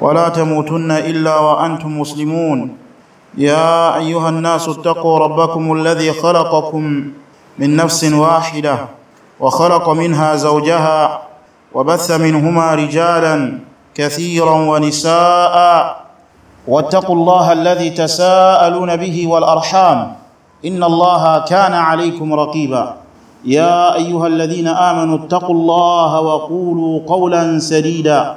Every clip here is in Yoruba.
ولا تموتن الا وانتم مسلمون يا ايها الناس اتقوا ربكم الذي خلقكم من نفس واحده وخلق منها زوجها وبث منهما رجالا كثيرا ونساء واتقوا الله الذي تساءلون به والارحام ان الله كان عليكم رقيبا يا ايها الذين امنوا اتقوا الله وقولوا قولا سديدا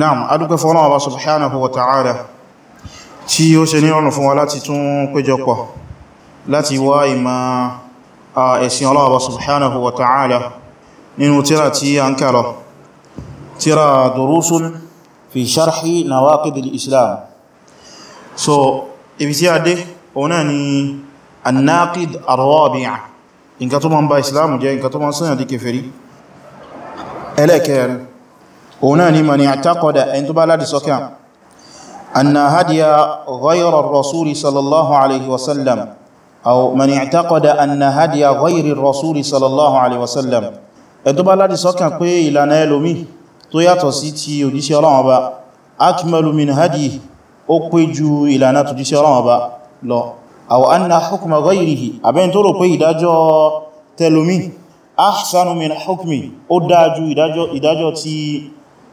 naam adúgbẹ́ fọ́nà ọba subhanahu wa ta'ala tí ó ṣe ní ọ̀nà fún wa láti tún péjọpọ̀ láti wá ìmá ẹ̀sìn ọlọ́ọba subhanahu wa ta'ala nínú tíra tí a ń kàrọ tíra durusun fi sharhi nawaqidil islam so ibi tí a dé ọ̀nà ni annaqid arwabi'a nǹkan tó ma ń ba islam jẹ́ nǹkan tó ma ń sanya ẹlẹ́kẹ̀ẹ́rin òun náà ni mani àtàkọ̀dà ẹni tó bá láti sọ́kà anna hadiya ghayra rasuli sallallahu alaihi wasallam aw mani àtàkọ̀dà anna hadiya ghayri rasuli sallallahu alaihi wasallam ẹni tó bá láti sọ́kà pé ìlànà ẹlòmí tó yàtọ̀ sí ti òjíṣẹ́ Ọlọ́run ọba akmalu min hadi ó pé ju ìlànà tó jíṣẹ́ Ọlọ́run ọba lọ aw anna hukma ghayrihi abẹ́ni tó rò pé ìdájọ́ tẹlòmí ahsanu min hukmi ó dájú ìdájọ́ ti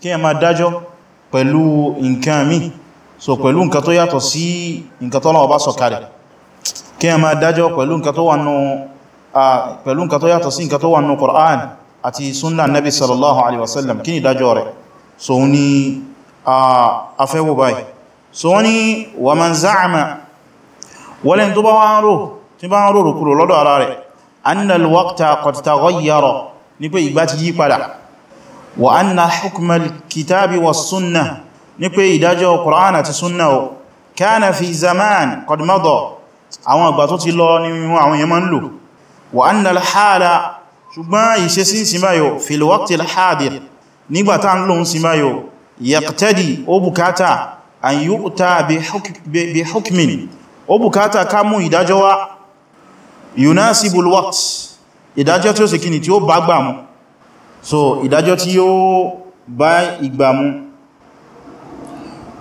kí ẹ ma dájọ́ pẹ̀lú nǹkan mi so pẹ̀lú nǹkan tó yàtọ̀ sí nǹkan tó Ọlọ́run bá sọ kalẹ̀ kí ẹ ma dájọ́ pẹ̀lú nǹkan tó wà nù pẹ̀lú nǹkan tó yàtọ̀ sí nǹkan tó wà nù Qur'an àti sunna nabi sallallahu alaihi wasallam kí ni dájọ́ rẹ̀ so ni a fẹ́ wò báyìí so wani wa man za'ama walen tó bá wá ń rò tí bá ń rò rò kúrò lọ́dọ̀ ara rẹ̀ annal waqta qad taghayyara ní pé ìgbà ti yí padà wa anna hukmal kitabi wa sunna ní pé ìdájọ́ Qur'an àti sunna o kana fi zaman qad mada àwọn ìgbà tó ti lọ ní àwọn èèyàn máa ń lò wa anna alhala ṣùgbọ́n ìṣe sí símáyò fil waqti alhadir nígbàtà ń lòun símáyò yaqtadi ó bukata an yu'ta bi hukmin ó bukata ká mú ìdájọ́ wá yunasibul waqt ìdájọ́ tí ó sì kíni tí so ìdájọ́ tí yóò bá ìgbà mu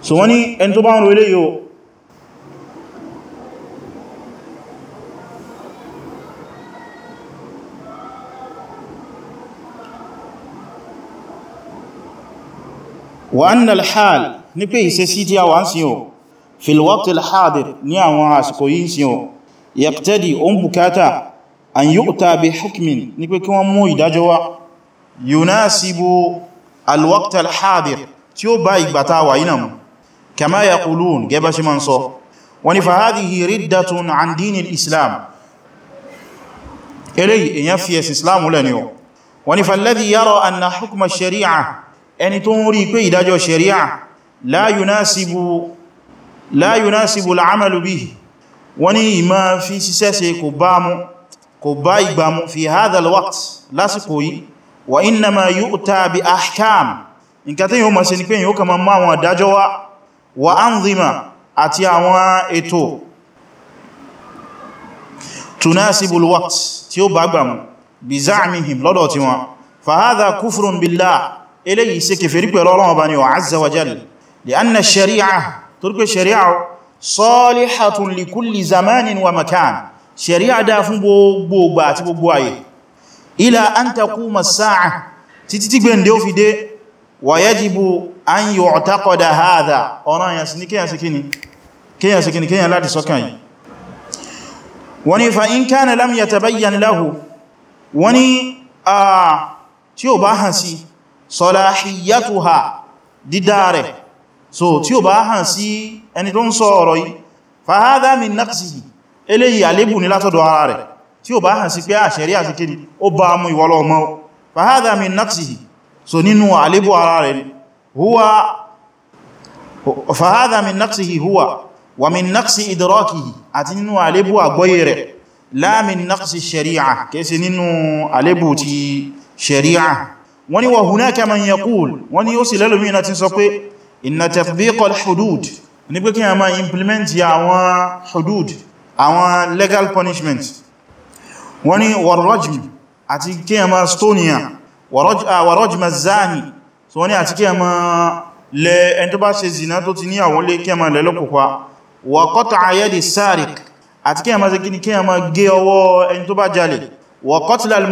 so wọ́n ní ẹni tó bá ń ro ilé yóò wa anna al-hal ní pé ìṣesí tí a wà ń sin o fil waqt al ní àwọn àsìkò yìí sin o yaqtadi o ń bukata an yu'ta bi hukmin ní pé kí wọ́n mú ìdájọ́ wá yunasibu alwaqt alhadir tí ó bá ìgbàta wà yínà mú kama yaqulun gẹba ṣe man sọ wani fa hadhihi riddatun an dinil islam eléyìí èyàn fi ẹ̀sìn islam lẹ́ni o wani fa alladhi yara anna hukma shari'a ẹni tó ń rí pé ìdájọ́ shari'a la yunasibu la yunasibu al'amalu bihi wani ìmá fi ṣiṣẹ́ ṣe kò bá ìgbàmú fi hadha alwaqt lásìkò yìí wa innama yu'ta bi ahkam nǹkan tí yíò ma ṣe ni pé yíò kà ma mú àwọn àdájọ́ wá wa anzima àti àwọn ètò tunasibul waqt tí ó bá gbàmù bi za'mihim lọ́dọ̀ tí wọn fa hadha kufrun eléyìí ṣe kèfèrí pẹ̀lú Ọlọ́run bá ní wa azza wa jal li anna shari'a turpe shari'a salihatun li kulli zamanin wa makan shari'a dá fún gbogbo àti gbogbo ayé ila an taquma as-sa'a títí tí gbẹ̀ndẹ̀ ó fi dé wa yajibu an yu'taqada hadha ọ̀nà yàsí ní kíyàsí kíni kíyàsí kíni kíyàn láti sọ́kàn yìí wani fa in kana lam yatabayyan lahu wani a tí ó bá hàn sí salahiyatuha dídáre so tí ó bá hàn ẹni tó ń sọ ọ̀rọ̀ yìí fa hadha min naqsihi eléyìí àlébù ní látọ̀dọ̀ ara rẹ̀ tí ó bá hàn sí pé àṣẹ̀rí àṣíkí ni ó bá mú ìwọ́lọ́ ọmọ fahadha min naqsihi so nínú àlébù ara rẹ̀ huwa fahadha min naqsihi huwa wa min naqsi idrakihi àti nínú àlébù àgbọ́yé rẹ̀ la min naqsi shari'a kẹsì nínú àlébù ti shari'a wani wa hunaka man yaqul wani ó sì lẹ́lùmí na ti àwọn legal punishment wọ́n ni warrajmi àti kí a ma stonia warrajma zani so wọ́n ni àti kí a ma lẹ ẹni tó bá ṣe zina tó ti ní àwọn lé kí a ma lẹ lọ́pùpá wa qat'a yadi àti kí a ma ṣe kí a ma gé ọwọ́ ẹni tó bá jalè wa qatla al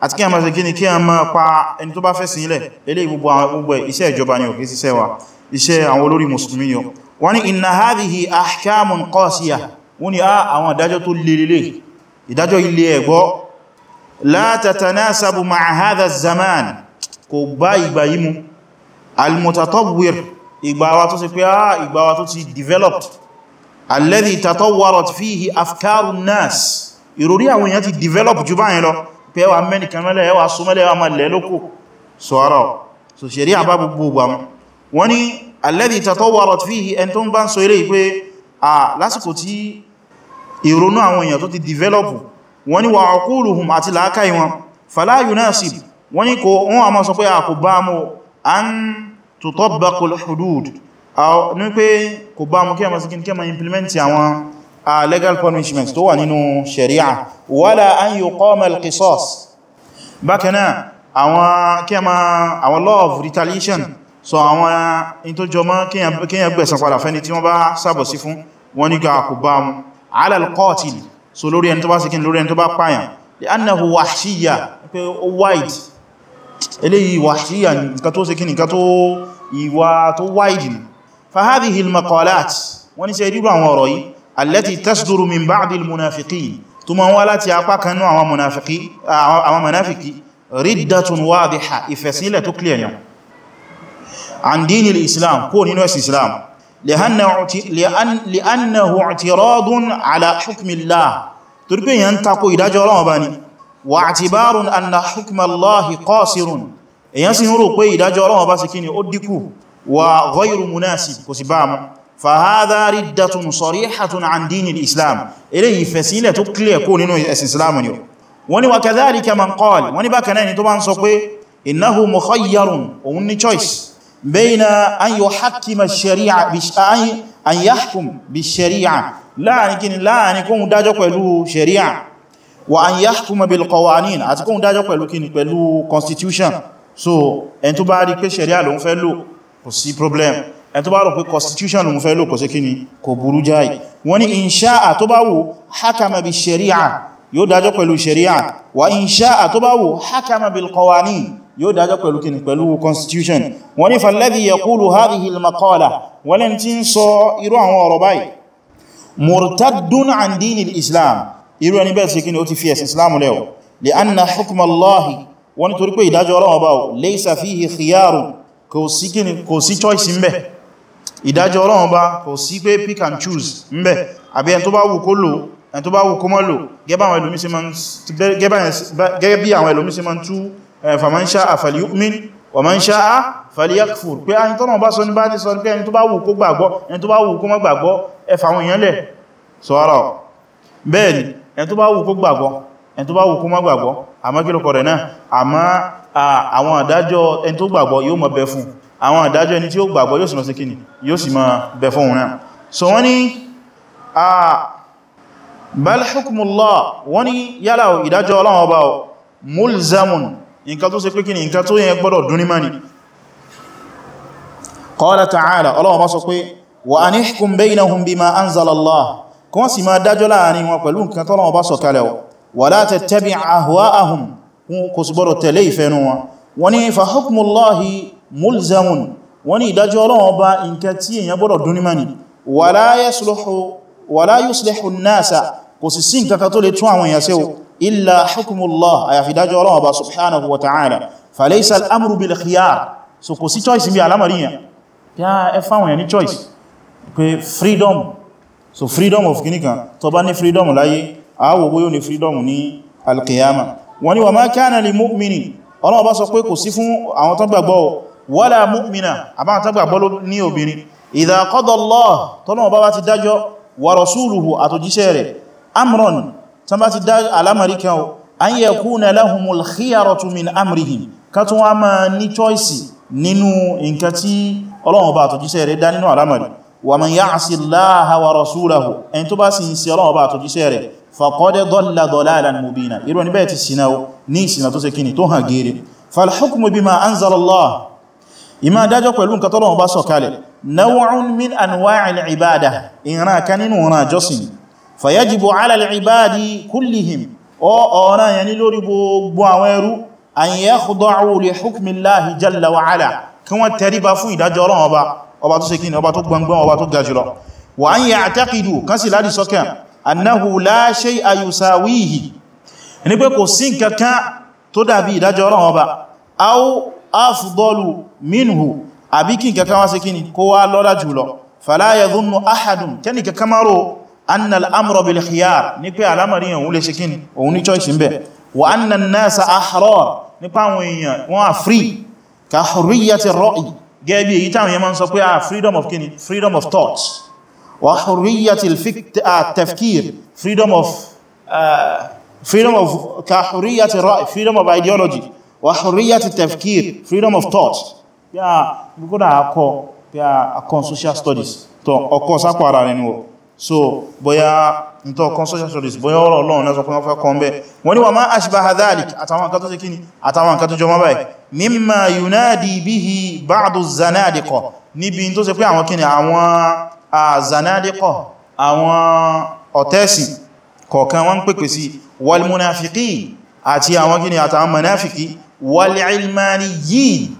àti kí a ma ṣe kí a ma pa ẹni tó bá fẹ́ sílẹ̀ ilé gbogbo iṣẹ́ ìjọba ni òkè síṣẹ́ wa iṣẹ́ àwọn olórí musulmi yọ wọ́n ni inna hadhihi ahkamun wọ́n ni àwọn adájọ́ tó lè lè ìdájọ́ ilé ẹ̀gbọ́ la tatanasabu ma'a hadha zaman kò bá ìgbà yìí mu almutatawwir ìgbà wa tó ti pé á ah, ìgbà tó ti developed alladhi tatawwarat fihi afkarun nas ìròrí àwọn èèyàn ti develop jù báyìí lọ pé wa mẹ́nìkan mẹ́lẹ̀ ẹwà súnmẹ́lẹ̀ ẹwà mẹ́lẹ̀ lókò sọ́rọ̀ so ṣeré àbá gbogbo gbàmù wọ́n ni alladhi tatawwarat fihi ẹn ìrònú àwọn èèyàn tó ti develop wọ́n ni wà ọkúrùhùn àti làákàí wọn fala yunasib wọ́n ni kò wọ́n a máa sọ pé a kò bá mú an tutabbaqul hudud ní pé kò bá mú kí a máa law of retaliation so àwọn in tó jọmọ́ kí a gbẹ̀san padà fẹ́ni tí wọ́n bá sábọ̀ sí fún wọ́n ní ká kò mú ala al-qatil so lórí ẹni tó bá sikin lórí ẹni tó bá pààyàn li annahu wahshiya pé ó wide eléyìí wahshiya nǹkan tó sikin nǹkan tó ìwà tó wide ni fa hadhihi al-maqalat wọ́n ní ṣe irú àwọn ọ̀rọ̀ yìí allati tasduru min ba'd al-munafiqin tó máa wá láti apá kan nínú àwọn munafiki àwọn munafiki riddatun wadiha ìfẹ̀sílẹ̀ tó clear yan an dinil islam kó nínú islam li'annahu i'tiradun ala hukmi Allah torí pé yẹn tako ìdájọ́ Ọlọ́run bá ní wa i'tibarun anna hukma Allahi qasirun èyàn sì ń rò pé ìdájọ́ Ọlọ́run bá sì kí ni ó díkù wa ghayru munasib kò sì bá mú فهذا ردة صريحة عن دين الإسلام إليه فسيلة تقلي يكون إنه إسلام وني وكذلك من قال وني باكناني طبعا سوكوي إنه مخير ومني choice بين أن يحكم الشريعة أن يحكم بالشريعة لا نكين لا نكون داجو pẹ̀lú شريعة وأن يحكم بالقوانين أتكون داجو pẹ̀lú kíni pẹ̀lú constitution so ẹn tó bá rí pé sharia ló ń fẹ́ lò kò sí problem ẹn tó bá rò pé constitution ló ń fẹ́ lò kò sí kíni kò burú jáì wọ́n ní insha'a tó bá wù hakama bi sharia yóò dájọ́ pẹ̀lú sharia wa in sha'a tó bá wù hakama bil qawanin yóò dájọ́ pẹ̀lú kìnnì pẹ̀lú constitution wọ́n ní falladhi yaqulu hadhihi al maqala wọ́n lẹ́n tí ń sọ irú àwọn ọ̀rọ̀ báyìí murtaddun an dini islam irú ẹni bẹ́ẹ̀ sí kí ni ó ti fi ẹ̀sìn islam lẹ́ li anna hukma Allahi wọ́n ní torí pé ìdájọ́ Ọlọ́run bá laysa fihi khiyarun kò sí kí kò sí choice ńbẹ̀ ìdájọ́ Ọlọ́run bá kò sí pé pick and choose ńbẹ̀ àbí ẹni tó bá wù kó lò ẹn tó bá wù kó mọ́ lò gẹ́bí àwọn ẹlòmí sí ma ń tú faman sha'a falyu'min wa man sha'a falyakfur pé a ní tọ́nà bá sọ ní bá ní sọ ní pé ẹni tó bá wù kó gbàgbọ́ ẹni tó bá wù kó mọ́ gbàgbọ́ ẹ fà àwọn èèyàn lẹ̀ sọ ara ọ̀ ẹni tó bá wù kó gbàgbọ́ ẹni tó bá wù kó mọ́ gbàgbọ́ àmọ́ kí lókọ̀ rẹ̀ náà àmọ́ àwọn bal hukmullah wọ́n ni yálà ìdájọ́ Ọlọ́run Ọba o mulzamun nǹkan tó ṣe pé kí ni nǹkan tó yẹn gbọ́dọ̀ dún ní mani qala ta'ala Ọlọ́run Ọba sọ pé wa anihkum baynahum bima anzalallah kọ́n sì máa dájọ́ láàrin wọn pẹ̀lú nǹkan tí Ọlọ́run Ọba sọ kalẹ̀ wa la tattabi' ahwa'ahum kò sì gbọ́dọ̀ tẹ̀lé wọ́n ni ìdájọ́ Ọlọ́run Ọba nǹkan tí èèyàn gbọ́dọ̀ dún ní mani wa la yasluhu wala yuslihu an-nasa kò sì sí nǹkan tó lè tún àwọn èèyàn ṣe o illa hukmullah àyàfi dájọ́ Ọlọ́run Ọba subhanahu wa ta'ala falaysa al-amru bil khiyar so kò sí choice bí alamariyan bí a ẹ ní choice pé freedom so freedom of kinikan tó bá ní freedom láyé àwọ̀ bóyó ní freedom ní al-qiyama wọ́n ni wa ma kana li mu'mini Ọlọ́run Ọba sọ pé kò sí fún àwọn tó gbàgbọ́ wala mu'mina àbáwọn tó gbàgbọ́ ní obìnrin idha tọ́lọ́wọ́ bá ti dájọ́ wa rasuluhu àtòjíṣẹ́ rẹ̀ amron tán bá ti dá alamari kan an yakuna lahumul khiyaratu min amrihim ká tún wá máa ní choice nínú nǹkan tí Ọlọ́run bá àtòjíṣẹ́ rẹ̀ dá nínú alamari wa man ya'si Allaha wa rasulahu ẹni tó bá sì ń ṣe Ọlọ́run bá àtòjíṣẹ́ rẹ̀ faqad dalla dalalan mubina irú ẹni bẹ́ẹ̀ ti ṣìnà ní ìṣìnà tó ṣe kíni tó hàn gẹ́rẹ́ fal hukmu bima anzala Allah ìmá dájọ́ pẹ̀lú nǹkan tọ́lọ́run bá sọ̀kalẹ̀ naw'un min anwa'il ibada ìran kan nínú ọ̀nà jọ́sìn fayajibu ala al-ibadi kullihim o ọ̀nà yẹn ni lórí gbogbo àwọn ẹrú an yakhda'u li hukmillahi jalla wa ala kí wọ́n tẹríba fún ìdájọ́ Ọlọ́run ọba ọba tó sekin ọba tó gbangban ọba tó ga jùlọ wa an ya'taqidu kan sì láti sọ́kàn annahu la shay'a yusawihi ní pé kò sí nǹkan kan tó dàbí ìdájọ́ Ọlọ́run aw afdalu minhu àbí kí nǹkan kan wá sí kí ni kó wá lọ́lá jùlọ fala yadhunnu ahadun kẹ́ni kankan máa rò anna al'amra bil khiyar ní pé alamari yẹn òun ṣe kí ni òun ní choice bẹ̀ wa anna nasa ahrar nípa àwọn èèyàn wọ́n à free ka hurriyati ar-ra'i gẹ́bí èyí ah, freedom of kini freedom of thought wa hurriyati ah, freedom of ah, freedom of ka hurriyati freedom of ideology wa hurriyati freedom of thought bí a gbogbo akọ bí a akọ social studies tó ọkọ̀ sápọ̀ ara rẹ̀ niwọ̀ so bóyá ntọ́ ọkọ̀ social studies bóyá ọ̀rọ̀ ọlọ́run lẹ́sọ fún ọfẹ́ kan bẹ́ wọ́n ni wà máa ashbaha dhalik àtàwọn nǹkan tó ṣe kíni àtàwọn nǹkan tó jọ mọ́ báyìí mimma yunadi bihi ba'du zanadiqa níbi tó ṣe pé àwọn kíni àwọn zanadiqa àwọn ọ̀tẹ́sì kọ̀ọ̀kan wọ́n pèpè sí wal munafiqi àti àwọn kíni àtàwọn munafiki wal ilmaniyin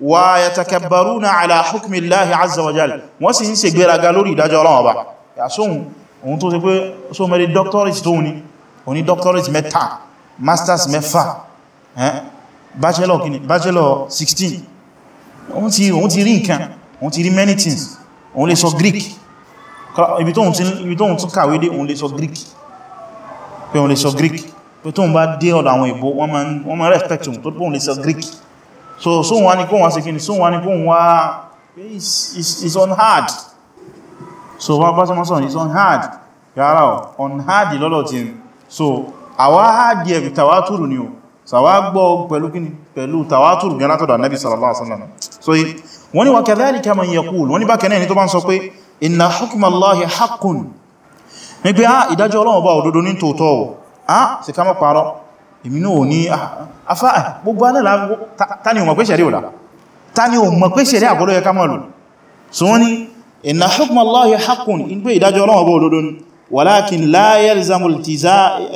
wa yatakabbaruna ala hukmi Allahi azza wa jal wọ́n sì ń ṣe gbéraga lórí ìdájọ́ Ọlọ́run Ọba yà sóhun ohun tó ṣe pé so mẹ́rin doctorate tó ní oní doctorate mẹ́ta masters mẹ́fà bachelor 16 ohun ti ohun ti rí nǹkan ohun ti rí many things ohun lè sọ Greek ibi tóhun tún kàwé dé ohun lè sọ Greek pé ohun lè sọ Greek pé tóhun bá dé ọ̀dọ̀ àwọn ìbò wọ́n máa respect ohun tó pọ̀ ohun lè sọ Greek so so wọ́n ní kó wọ́n ṣe kíni so wọ́n ní kó wọ́n is on hard so wọ́n bá sọmọ́sọ̀ is on hard yàrá on hard lọ́lọ́ ti so àwa hard yẹ̀ tàwátùrù ni o sàwá gbọ́ pẹ̀lú kíni pẹ̀lú tàwátùrù gan látọ̀dọ̀ Nabi sallallahu alaihi wasallam so wọ́n ní wa kadhalika man yaqul wọ́n ní bá kẹ́nẹ́ ni tó bá ń sọ pé inna hukmallahi haqqun ní pé á ah, ìdájọ́ Ọlọ́run bá òdodo ní tòótọ́ ọ̀ á sì ká mọ́ parọ́ èmi náà ní ah, afá gbogbo anáà tani o mọ̀ pé ṣẹ̀rí òlà tani o mọ̀ pé ṣẹ̀rí àgbọ́lọ́ yẹ ká mọ̀ lò so wọ́n ni inna hukma Allahi haqqun in pé ìdájọ́ Ọlọ́run bọ́ olódó ni walakin la yalzamu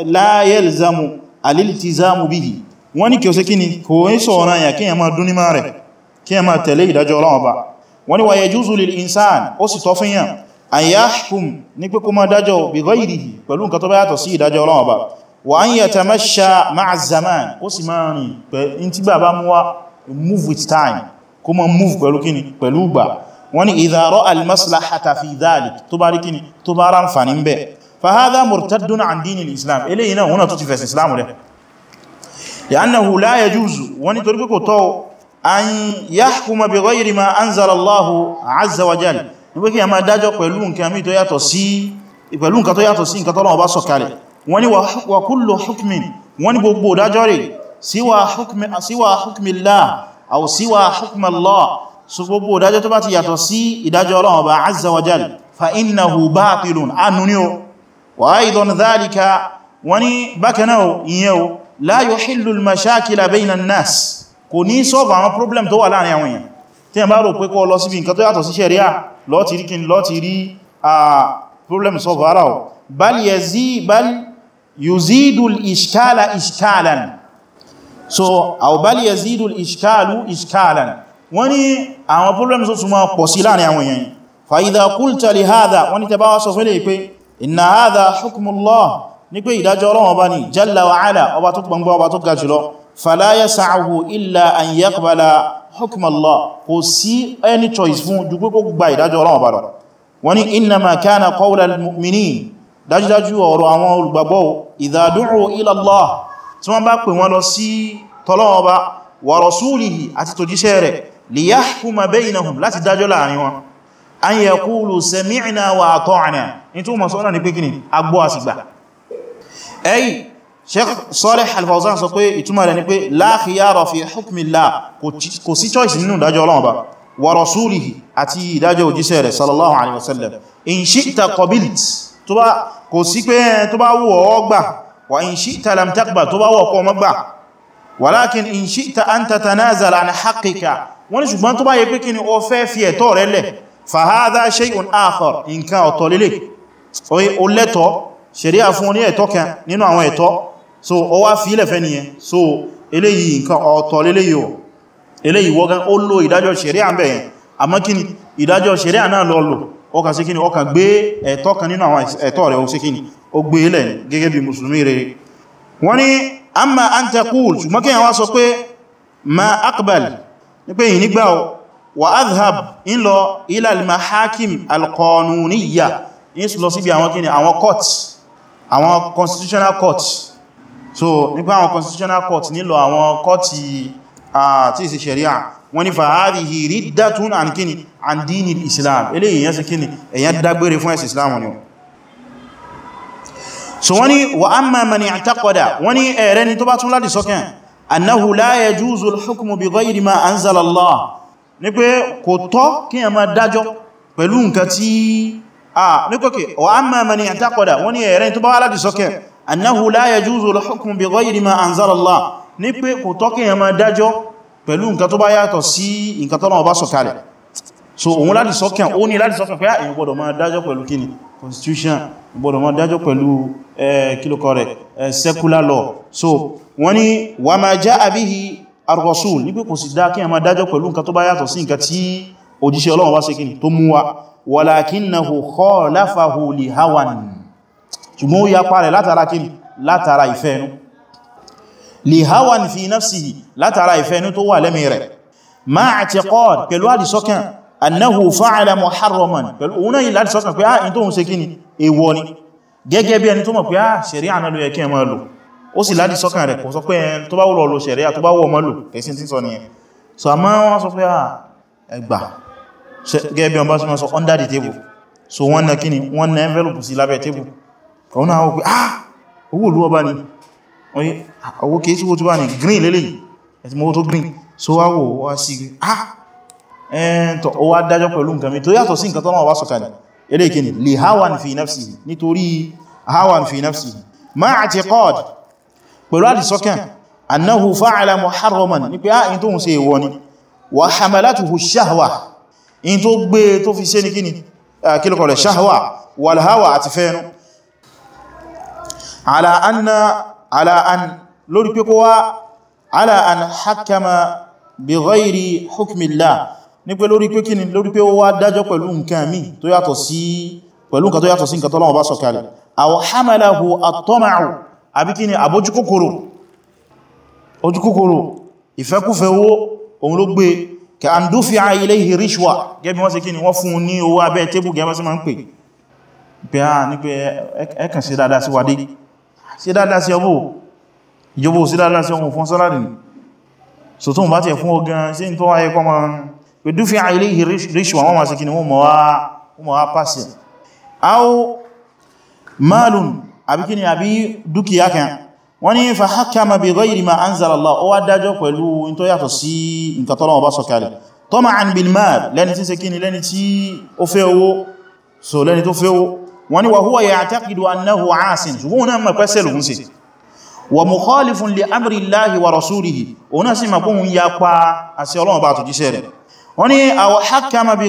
la yalzamu al-iltizamu bihi wọ́n ni kí o sí kíni kò ń sọ ọ̀rọ̀ àyà kí ẹ máa ní pé kó máa dájọ́ bi ghayrihi pẹ̀lú nǹkan tó bá yàtọ̀ sí ìdájọ́ Ọlọ́run bá wa an yatamasha ma'a zaman kó sì máa rìn pẹ̀lú tí bàbá mú wá move with time kó máa move pẹ̀lú kíni pẹ̀lú gbà wọ́n ni idha ra'a al-maslahata fi dhalik tó bá rí kíni tó bá rá nfàní ń bẹ̀ fa hadha murtaddun an dinil islam ilé iná wọn tó ti fẹ̀sìn islam rẹ̀ li'annahu la yajuzu wọ́n ni torí pé kò tọ́ an yahkuma bi ghayri ma anzala Allahu azza wọ́n ni wa kullu hukmin wọ́n ni gbogbo dájọ́ rẹ̀ síwá hukmi síwá hukmillah aw síwá hukmallah so gbogbo dájọ́ tó bá ti yàtọ̀ sí ìdájọ́ Ọlọ́run Ọba azza wa jal fa innahu batilun anu ni o wa aidan dhalika wọ́n ni bákaná o ìyẹn o la yuhillu al-mashakila bayna an-nas kò ní sọ́ọ̀bù àwọn problem bal yazi bal yuzidul ishkala ishkalan so àwọ̀bálì yazidul ishkalu ishkalan wọ́n ní àwọn problems tó máa pọ̀ sí láàrin àwọn èèyàn fa idha qulta li hadha wọ́n ní tẹbá wá sọ sílẹ̀ pé inna hadha hukmullah ní pé ìdájọ́ Ọlọ́run Ọba ni jalla wa ala ọba tó gbangba ọba tó ga jùlọ fala yasa'uhu illa an yaqbala hukmallah kò sí any choice fún ju pé kó gba ìdájọ́ Ọlọ́run Ọba lọ wọ́n ní innama kana qawla al-mu'minin dájúdájú ọ̀rọ̀ àwọn olùgbàgbọ́ idha du'u ila Allah tí wọ́n bá pè wọ́n lọ sí tọ́lọ́wọ́ bá wa rasulihi àti tòjíṣẹ́ rẹ̀ liyahkuma baynahum láti dájọ́ láàrin wọn an yaqulu sami'na wa ata'na ní tó mọ̀ sọ́nà ní pínkini agbó àsìgbà ẹ̀yí Sheikh Salih Al-Fawzan sọ pé ìtumọ̀ rẹ̀ ni pé la khiyara fi hukmillah kò sí choice nínú ìdájọ́ Ọlọ́run bá àti ìdájọ́ òjíṣẹ́ rẹ̀ sallallahu alaihi wasallam in shi'ta qabilt tó bá kò sí pé tó bá wù ọ́ gbà wà in shi'ta lam taqba tó bá wù ọ́ kò má gbà walakin in shi'ta an tatanazala an haqqika wọ́n ni ṣùgbọ́n tó bá yẹ pé kí ni ó fẹ́ fi ẹ̀tọ́ rẹ̀ lẹ̀ fa hadha shay'un akhar nǹkan ọ̀tọ̀ lílé ó lẹ́tọ̀ ṣẹ̀ríà fún ní ẹ̀tọ́ kan nínú àwọn ẹ̀tọ́ so ó wá fi ilẹ̀ fẹ́ nìyẹn so eléyìí nǹkan ọ̀tọ̀ lílé yóò eléyìí wọ́gán ó lo ìdájọ́ ṣẹ̀ríà ń bẹ̀yẹn àmọ́ kí ni ìdájọ́ ṣẹ̀ríà náà lọ lò ọkà sí kíni ọkà gbé ẹ̀tọ́ kan nínú àwọn ẹ̀tọ́ rẹ̀ sí kíni ó gbé ilẹ̀ gẹ́gẹ́ bí musulmi rere wọ́n ni amma an taqul ṣùgbọ́n kí wọ́n sọ pé ma aqbal ní pé yìí nígbà wa adhab in lọ ila al mahakim al qanuniyya in lọ síbi àwọn kíni àwọn court àwọn constitutional court so nípa àwọn constitutional court nílò àwọn court Ah, tí ìsì ṣẹ̀ríà wọ́n ní fàáàdìhì riddatun an kíni an dini islam ilé èyàn sí kíni èyàn dágbére fún ẹ̀sì islam ni so wọ́n ní wa amma man i'taqada wọ́n ní ẹ̀rẹ́ ni tó bá tún láti sọ́kàn annahu la yajuzu al-hukmu bi ghayri ma anzala Allah ní pé kò tọ́ kí a máa dájọ́ pẹ̀lú nǹkan tí a ní kòkè wa amma man i'taqada wọ́n ní ẹ̀rẹ́ ni tó bá láti sọ́kàn annahu la yajuzu al-hukmu bi ma anzala Allah ní pé kò tọ́kí ẹ̀mà dájọ́ pẹ̀lú nǹkan tó bá yàtọ̀ sí nǹkan tọ́lọ́wọ́ bá sọ̀kalẹ̀ so òun láti sọ́kàn ó ní láti sọ́kàn pé ah, èyàn gbọ́dọ̀ máa dájọ́ pẹ̀lú kíni constitution gbọ́dọ̀ máa dájọ́ pẹ̀lú kílùkọ secular law so wọ́n ní wà máa já àbíhì ar-rasul ní pé kò sì dá kí ẹ̀mà dájọ́ pẹ̀lú nǹkan tó bá yàtọ̀ sí nǹkan hawan ṣùgbọ́n ó yapa rẹ̀ látara kíni látara ìfẹ́ ẹnu li hawan fi nafsihi látara ìfẹ́nú tó wà lẹ́mí rẹ̀ ma a ti kọ́d pẹ̀lú àdìsọ́kàn annahu fa'ala muharraman pẹ̀lú òun náà yìí ládìsọ́kàn pé ah in tó ń ṣe kíni èwọ̀ ni gẹ́gẹ́ bí ẹni tó mọ̀ pé ah ṣẹ̀rí àná ló yẹ kí ẹ máa lò ó ọmọ lò ah, under the table so wọ́n na kíni wọ́n na envelope sí lábẹ́ table kọ̀ọ́nà àwọn pé ah, owó kìí síwò tó bá ní green lélẹ̀ ẹ̀tí mọ́ tó green so wá wò wá sí ah ẹ̀ẹ́ntọ̀ ó wá dájọ́ pẹ̀lú nǹkan mi tó yàtọ̀ sí nǹkan tọ́nà wá sọ̀kalẹ̀ eléèkì ni li hawan fi nafsi nítorí hawan fi nafsi ma i'tiqad pẹ̀lú àdìsọ́kàn annahu fa'ala muharraman ní pé áyìn ah, tó ń ṣe ìwọ ni wa hamalatuhu shahwa in tó gbé tó fi ṣe ní kíni ah, kílùkọ̀lẹ̀ shahwa wal hawa àti fẹ́nu ala anna ala an lórí pé kó wá ala an hakama bi ghairi hukmillah ní pé lórí pé kíni lórí pé ó wá dájọ́ pẹ̀lú nǹkan mi tó yàtọ̀ sí pẹ̀lú nǹkan tó yàtọ̀ sí nǹkan tọ́lọ́wọ́ bá sọ̀kalẹ̀ aw hamalahu at-tama'u àbí kíni àbójúkòkòrò ojúkòkòrò ìfẹ́kúfẹ́ owó òun ló gbé ka an dufi'a ilayhi rishwa gẹ́bí wọ́n ṣe kíni wọ́n fún ní owó abẹ́ tébù gẹ́bá sí ma ń pè pé a ah, ní pé ẹkàn sí dáadáa sí wádé sí dáadáa sí ọbọ̀ ìjọba sí dáadáa sí ọmọ fún sálàrì so tó ń bá tẹ̀ fún ogan sí tó wáyé kọmọ pé dúfí àìlé ìrìṣùwà wọ́n ma sí kìnnì wọ́n wá pàṣẹ áwọ́ málùn àbí kìnnì àbí dúkìá kan wọ́n ní fa hakama bi ghayri ma anzala Allah ó wá dájọ́ pẹ̀lú in tó yàtọ̀ sí nǹkan tọ́lọ́wọ́ bá sọ̀kalẹ̀ tama'an so lẹ́ni tó fẹ́ owó wọ́n ni wàhúwà ya taqidu annahu asin ṣùgbọ́n náà mọ̀ pẹ́sẹ̀ lòun sí wa mukhalifun li amri llahi wa rasulihi òun náà sì mọ̀ kún ya pa àṣẹ ọlọ́run bá tòjíṣẹ́ rẹ̀ wọ́n ni aw hakama bi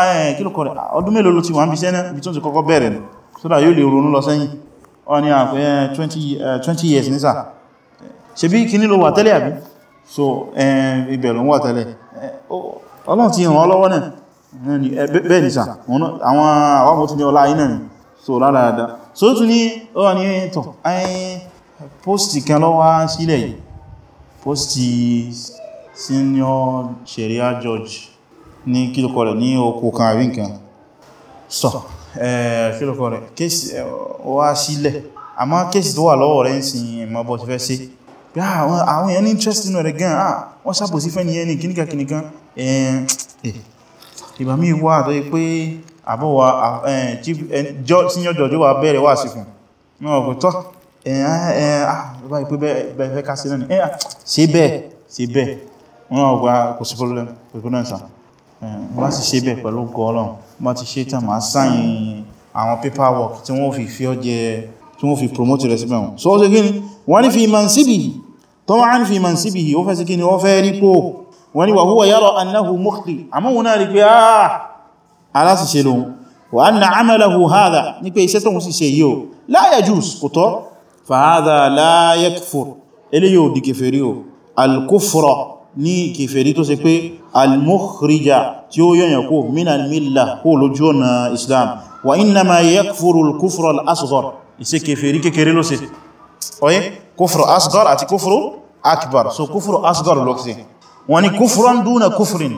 tó yàtọ̀ sí ọdún mélòó ló ti wà ń bí sẹ́nà ibi tó ti kọ́kọ́ bẹ̀rẹ̀ sódà yóò lè ronú lọ sẹ́yìn wọ́n eh, eh, ni àpẹ́ 20 years nísà ṣe bí kí nílò wà tẹ́lẹ̀ àbí so eh, ibẹ̀ ló ń wà tẹ́lẹ̀ ọlọ́run ti ràn lọ́wọ́ náà bẹ́ẹ̀ nìsà àwọn àwọn mọ́tún ní ọlá iná so ládàádá so tún ní ọwọ́ ní ẹ̀tọ̀ ayin pósìtì kan lọ́wọ́ sílẹ̀ yìí pósìtì senior sharia judge ní kílùkọ̀ rẹ̀ ní okò kan àrí nǹkan sọ so, kílùkọ́ rẹ̀ kéèsì wá sílẹ̀ àmá kéèsì tó wà lọ́wọ́ rẹ̀ ń sin ìmọ̀ bọ̀ ti fẹ́ sí pé ah, àwọn èèyàn ní interest nínú rẹ̀ gan ah wọ́n sàbòsí fẹ́ nìyẹn ní kíníkà kíníkan ìgbà míì wà tó yí pé àbọ̀wà senior judge wà bẹ̀rẹ̀ wà sí fún náà kò tọ́ ṣe bẹ́ẹ̀ ṣe bẹ́ẹ̀ wọ́n náà ah, kò sí problem pẹ̀lú náà sàn wọ́n sì ṣe bẹ́ẹ̀ pẹ̀lú gọ́ ọlọ́run ma ti ṣe tán ma sáyìn àwọn paperwork tí wọ́n fi fi ọjẹ́ tí wọ́n fi promote rẹ̀ síbẹ̀ wọn so ó sì kí ni wọ́n ní fi mansibihi taw'an fi mansibihi ó fẹ́ sí kí ni ó fẹ́ rí pò wọ́n ní wa huwa yara annahu mukhti àmọ́ wọn náà rí pé ah aláṣìṣe lòun wa anna amalahu hadha ní pé iṣẹ́ tóun sì ṣe yìí o la yajuz kò tọ́ fa eléyìí ò di kèfèrí o al ní kèfèrí tó ṣe pé al tí ó yọ̀yàn kó minal milla kó lójú ọ̀nà islam wa inna ma yakfuru al-kufra al-asghar ìṣe kèfèrí kékeré ló ṣe ọ̀yẹ́ kufru asghar àti kufru akbar so kufru asghar ló wọ́n ni kufran duna kufrin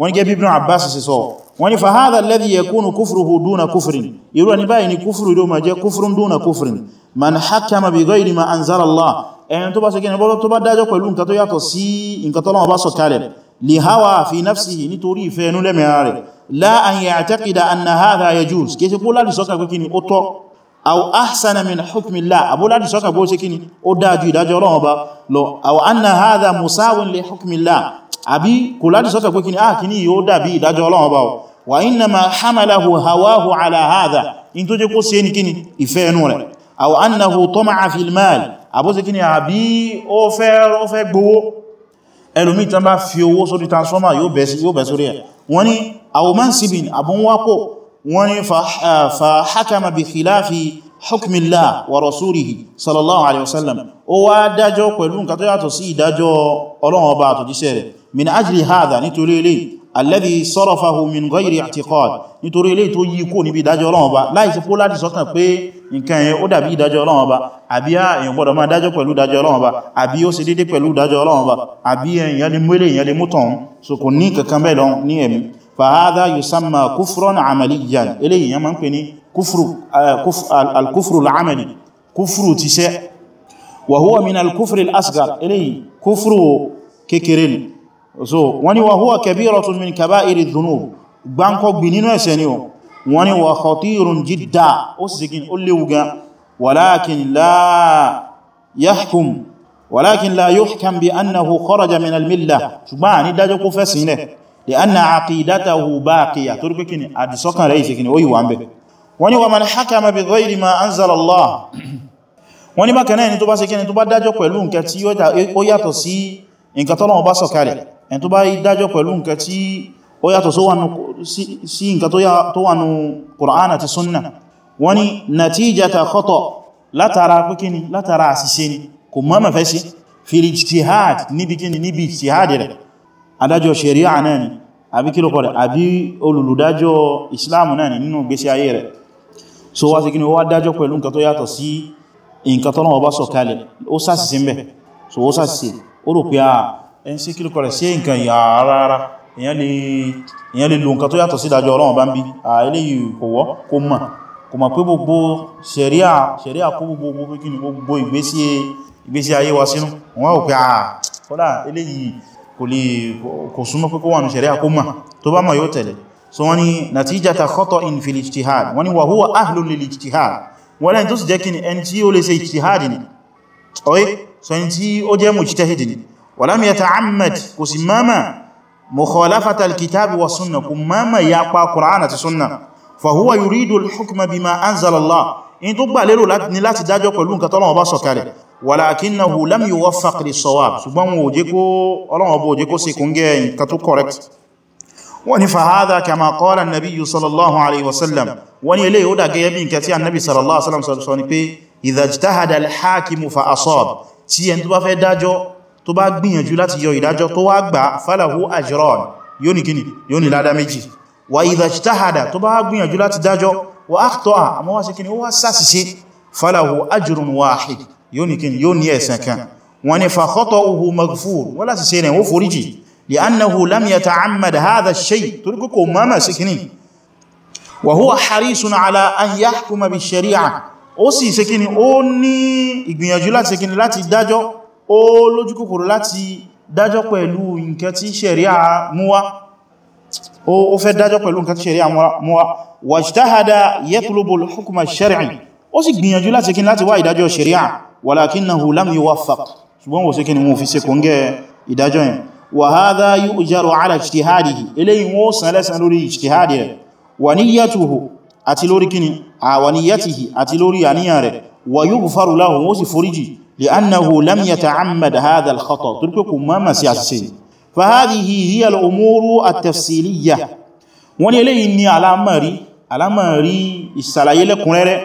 wọ́n gẹ́ bíbí Abbas sì sọ wọ́n ni fahadha alladhi yakunu kufruhu duna kufrin irú ẹni báyìí ni kúfùrù ló ma jẹ́ kúfùrún duna kufrin man hakama bi ghayri ma anzala Allah ẹni tó bá sọ gẹ́ni tó bá dájọ́ pẹ̀lú nǹkan tó yàtọ̀ aw ahsana min hukmillah abúláti sọ́kà bó ṣe kíni ó dájú ìdájọ́ ọlọ́run ọba lọ aw anna hadha musawin li hukmillah àbí kò láti sọ́kà pé kíni áà ah, kíní yóò dàbí ìdájọ́ ọlọ́run ọba wa innama hamalahu hawahu ala hadha in tó jẹ́ kó ṣe ní kíni ìfẹ́ ẹnu rẹ̀ aw annahu tama'a fil mal àbó ṣe kíni àbí ó fẹ́ ó fẹ́ gbowó ẹlòmí tán bá fi owó sórí transformer yóò bẹ̀ sórí ẹ̀ wọ́n ni aw mansibin wọ́n ní fa hakama bi khilafi hukmillah wa rasulihi sallallahu alaihi wasallam ó wá dájọ́ pẹ̀lú nǹkan tó yàtọ̀ sí ìdájọ́ Ọlọ́run Ọba àtòjíṣẹ́ rẹ̀ min ajli hadha nítorí ilé alladhi sarafahu min ghayri i'tiqad nítorí ilé tó yí kó níbi ìdájọ́ Ọlọ́run láì sí fó láti sọ́kàn pé nǹkan yẹn ó dàbí ìdájọ́ Ọlọ́run Ọba àbí èèyàn gbọ́dọ̀ máa dájọ́ pẹ̀lú ìdájọ́ Ọlọ́run àbí ó sì dédé pẹ̀lú ìdájọ́ Ọlọ́run àbí èèyàn lè mú èèyàn lè mú tọ̀hún so kò ní kankan bẹ́ẹ̀ lọ ní ẹ̀mí fàhádá yusamma kúfúrọ́nà àmàlìyàn eléyìí yẹn ma ń pè ní alkúfúrù al'amàlì kúfúrù ti ṣẹ́ wa huwa min alkúfúrù al'asgar eléyìí kúfúrù kékeré ni so wani wa huwa kabiratun min kaba'iri dhunub gbáǹkọ́ gbì nínú ẹ̀ṣẹ̀ ni o wani wa khatirun jidda ó sì sikin ó léwu li anna aqidatahu baqiya torí pé kíni àdìsọ́kàn rẹ̀ ìṣẹ́kíni ó yíwa ń bẹ̀ wọ́n ni wa man hakama bi ghayri ma anzala Allah wọ́n ni bá kẹ́nà ẹni tó bá ṣe kíni tó bá dájọ́ pẹ̀lú nǹkan tí ó yàtọ̀ sí nǹkan tọ́lọ́wọ́ bá sọ̀kalẹ̀ ẹni tó bá dájọ́ pẹ̀lú nǹkan tí ó yàtọ̀ sí nǹkan tó wà nù Qur'an àti sunna wọ́n ni natijata adájọ́ sharia náà ni àbí kí ló kọ̀ rẹ̀ àbí olùlùdájọ́ islam náà ni nínú gbésí ayé rẹ̀ so wá sí kí ni wá dájọ́ pẹ̀lú nǹkan tó yàtọ̀ sí nǹkan tọ́nà ọba sọ kalẹ̀ ó sàṣìṣe ń bẹ̀ so ó sàṣìṣe ó rò pé àà ẹn sí kí ló kọ̀ rẹ̀ sí nǹkan yàrára èyàn lè lo nǹkan tó yàtọ̀ sí dájọ́ ọlọ́run bá ń bí eléyìí kò wọ́ kò mọ̀ kò mọ̀ pé gbogbo ṣẹ̀ríà ṣẹ̀ríà kó gbogbo gbogbo kò lè kò súnmọ́ pé kó wà ní ṣẹ̀rẹ́ àkómà tó bá mọ̀ yóò tẹ̀lé so wọ́n ni natijata khata'in fil ijtihad wọ́n ni wa huwa ahlul lil ijtihad wọ́n lẹ́yìn tó sì jẹ́ kí ni ẹni tí ó lè ṣe ijtihad ni ọ̀yẹ́ so ẹni tí ó jẹ́ mujtahid in tó gbà lérò ní láti dájọ́ pẹ̀lú nǹkan tọ́lọ́wọ́ bá sọ̀kalẹ̀ walakinahu lam yuwaffaq lis-sawab ṣùgbọ́n wọn òjé kó ọlọ́wọ́ bó òjé kó sí kún gẹ́ nǹkan tó correct wọ́n ni fahadha kama qala an-nabiyyu sallallahu alaihi wasallam wọ́n ni ilé ó dà gẹ́gẹ́ bí nǹkan tí annabi sallallahu alaihi wasallam sọ ni pé idha ijtahada al-hakimu fa asab tí ẹni tó bá fẹ́ wa idha ijtahada wa akhta'a àmọ́ wá sí kí ni ó wá sàṣìṣe falahu ajrun wahid yóò ní kí ni yóò ní ẹ̀san kan wọ́n ni fa khata'uhu maghfur wọ́n láti ṣe rẹ̀ ó foríjì li'annahu lam yata'ammad hadha ash-shay torí kókò mọ́mà sí kí ni wa huwa harisun ala an yahkuma bi shari'a ó sì ṣe kí ni ó ní ìgbìyànjú láti ṣe kí ni láti dájọ́ ó lójú kòkòrò láti dájọ́ pẹ̀lú ó fẹ́ dájọ́ pẹ̀lú nǹkan tí ṣẹ̀rí'à mú wá wajtahada yatlubul hukma ash-shar'i ó sì gbìyànjú láti kí láti wá ìdájọ́ ṣẹ̀rí'à walakinahu lam yuwaffaq ṣùgbọ́n wò sí kí ni wọ́n fi ṣe kóngẹ́ ìdájọ́ yẹn wa hadha yu'jaru ala ijtihadihi eléyìn wọ́n san lẹ́san lórí ijtihadi rẹ̀ wa niyyatuhu àti lórí wọ́n sì foríjì li'annahu lam yata'ammad hadha al-khata' torípé fahadihi hiya al'umuru at-tafsiliyya wọ́n ní eléyìí ni alamari alamari ìsàlàyé lẹ́kùnrẹ́rẹ́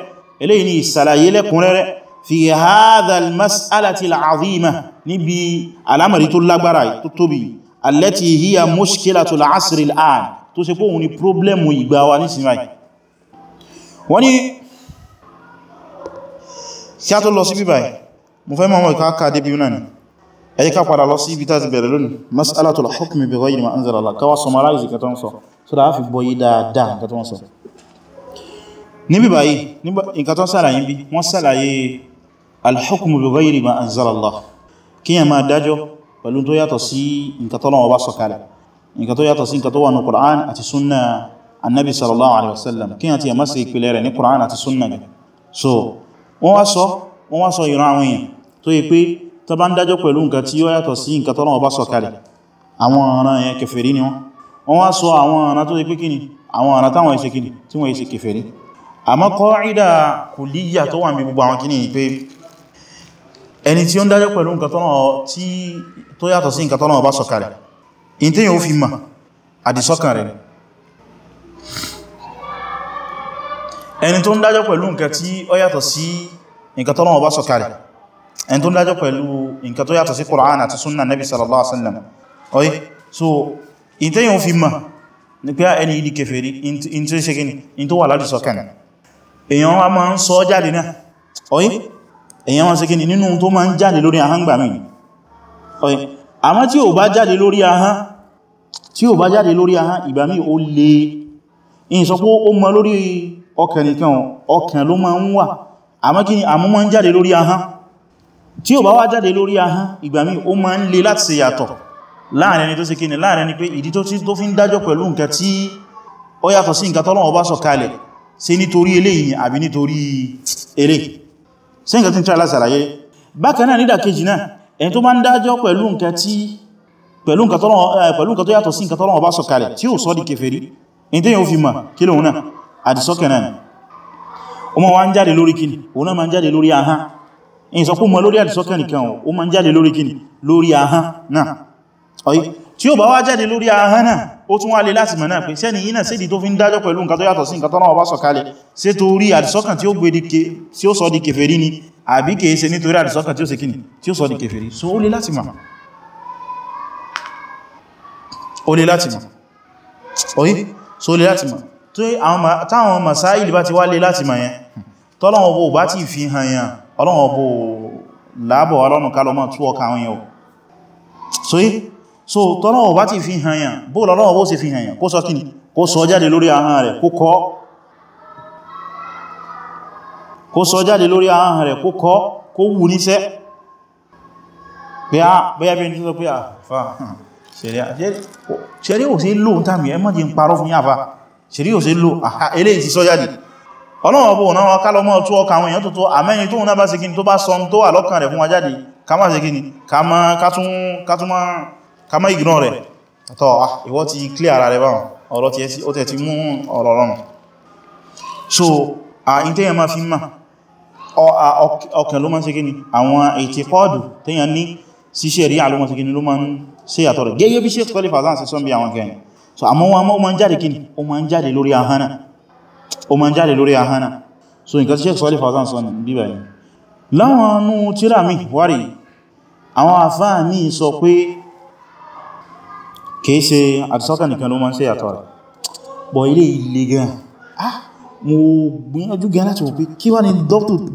eléyìí ni ìsàlàyé lẹ́kùnrẹ́rẹ́ fi hadha al-mas'alati al-azima níbi alamari tó lágbára tó tóbi allati hiya mushkilatu al-asri al-an tó ṣe kóhun ni problemu ìgbà wa nísìnyí wọ́n ní kí a tó lọ sí bíbáyìí mo fẹ́ mọ́ ọmọ ìkọ́ aka débi náà ẹ jẹ́ ká padà lọ sí ibi tá ti bẹ̀rẹ̀ lónìí mas'alatul hukmi bi ghayri ma anzala Allah káwà summarize nǹkan sọ so da fi gbọ́yí dáadáa nǹkan tó ń sọ níbi báyìí nǹkan tó ń sàlàyé bí wọ́n sàlàyé al-hukmu bi ghayri ma anzala Allah kí yẹn máa dájọ́ pẹ̀lú tó yàtọ̀ sí nǹkan t'Ọlọ́run bá sọ kalẹ̀ nǹkan tó yàtọ̀ so wọ́n wá sọ ìran àwọn èèyàn tó yẹ pé tó bá ń dájọ́ pẹ̀lú nǹkan tí ó yàtọ̀ sí nǹkan tọ́nà ọba sọ̀kalẹ̀ àwọn ọ̀ràn yẹn kèfèrí ni wọ́n wọ́n wá sọ àwọn ọ̀ràn tó ikú kíni àwọn ọ̀ràn táwọn ìṣe kíni tí wọ́n ìṣe kèfèrí àmọ́ kọ́ídà kùlíyà tó wà ní gbogbo àwọn kíni pé ẹni tí ó ń dájọ́ pẹ̀lú nǹkan tó yàtọ̀ sí nǹkan tọ́nà ọba sọ̀kalẹ̀ in tí yóò fi mà àdìsọ́kàn rẹ̀ ẹni tó dájọ́ pẹ̀lú nǹkan tó yàtọ̀ sí Qur'an àti súnnà nabi sallallahu alaihi wasallam oye so in tẹ́yìn ó fi mọ̀ ní pé ẹni ìdí kèfèrí in tó ṣe gini in tó wà láti sọ́kàn èyàn wá máa ń sọ jáde náà oye èyàn wá sí gini nínú tó máa ń jáde lórí ahán gbà mìí oye àmọ́ tí ò bá jáde lórí ahán tí ò bá jáde lórí ahán tí ó bá wá jáde lórí ahán ìgbàmí ó máa ń le láti ṣe yàtọ̀ láàrin ẹni tó ṣe kíni láàrin ẹni pé ìdí tó fi ń dájọ́ pẹ̀lú nǹkan tí ó yàtọ̀ sí nǹkan tọ́lọ́wọ́ bá sọ kalẹ̀ ṣe nítorí eléyìí ni àbí nítorí eré ṣe nǹkan tí ń tọ́lá sàlàyé bákan náà nídàkejì náà ẹni tó máa ń dájọ́ pẹ̀lú nǹkan tí pẹ̀lú nǹkan tó yàtọ̀ sí nǹkan tọ́lọ́wọ́ bá sọ kalẹ̀ tí ìsọkún mọ́ lórí àdìsọ́kàn nìkan o ma ń jáde lórí kíni lórí ahán náà ọ̀yí tí ó bá wá jáde lórí ahán náà ó tún wá lè láti mọ̀ náà pé sẹ́ni yínà sídi tó fi ń dájọ́ pẹ̀lú nǹkan tó yàtọ̀ sí nǹkan tọ́nà ọba sọ̀kalẹ̀ ṣé torí àdìsọ́kàn tí ó gbé tí ó sọ di kèfèrí ni àbí kèé ṣe nítorí àdìsọ́kàn tí ó ṣe kíni tí ó sọ di kèfèrí bá ti tọ́lọ́wọ́ bá ti fi hàn yàn ọlọ́run ọbọ̀ láàbọ̀ ọlọ́run ká lọ mọ́ tú ọkà àwọn èèyàn so yí eh, so tọ́lọ́wọ̀ bá ti fi hànyàn bó lọ́lọ́wọ̀ bó sì fi hànyàn kó sọ kíni kó sọ jáde lórí ahọ́n rẹ̀ kó kọ́ kó sọ jáde lórí ahọ́n rẹ̀ kó kọ́ kó wù níṣẹ́ pé á ah, bóyá bí i sọ pé ah, ọlọ́wọ́ bó náà kálọ mọ́ tó ọkà àwọn èèyàn tó tó àmẹ́yìn tó náà bá ṣe kíni tó bá sọ tó wà lọ́kàn rẹ̀ fún wa jáde kama ṣe kíni kama ìgbìnà rẹ̀ tọ́ ah, ìwọ́ ti clé ara rẹ̀ báwọn ọ̀rọ̀ ti ó tẹ̀ ti mú ọ̀rọ̀ rọrùn so in tẹ́yàn máa fi máa ọkàn ló máa ṣe kíni àwọn ètè kọ́ọ̀dù tẹ́yàn ní síṣẹ́ rí àlọ́mọ̀ ṣe kíni ló máa ń ṣe àtọ̀rẹ̀ gẹ́gẹ́ bí ṣe pẹ́lẹ̀ fàzán sí sọ́mbí àwọn kẹrin so àmọ́ wọn máa ń jáde kíni ó máa ń jáde lórí ó ma ń jáde lórí ahánà so nǹkan tí Shaykh Saalih Fawzān sọ ní bíbà yìí láwọn anú tíra mi wárí àwọn àfáà ní sọ pé kìí ṣe àdìsọ́kà nìkan ló ma ń ṣe yàtọ̀ rẹ̀ bọ̀ ilé ilé gan ah mo gbìyànjú gan láti wò pé kí wá ní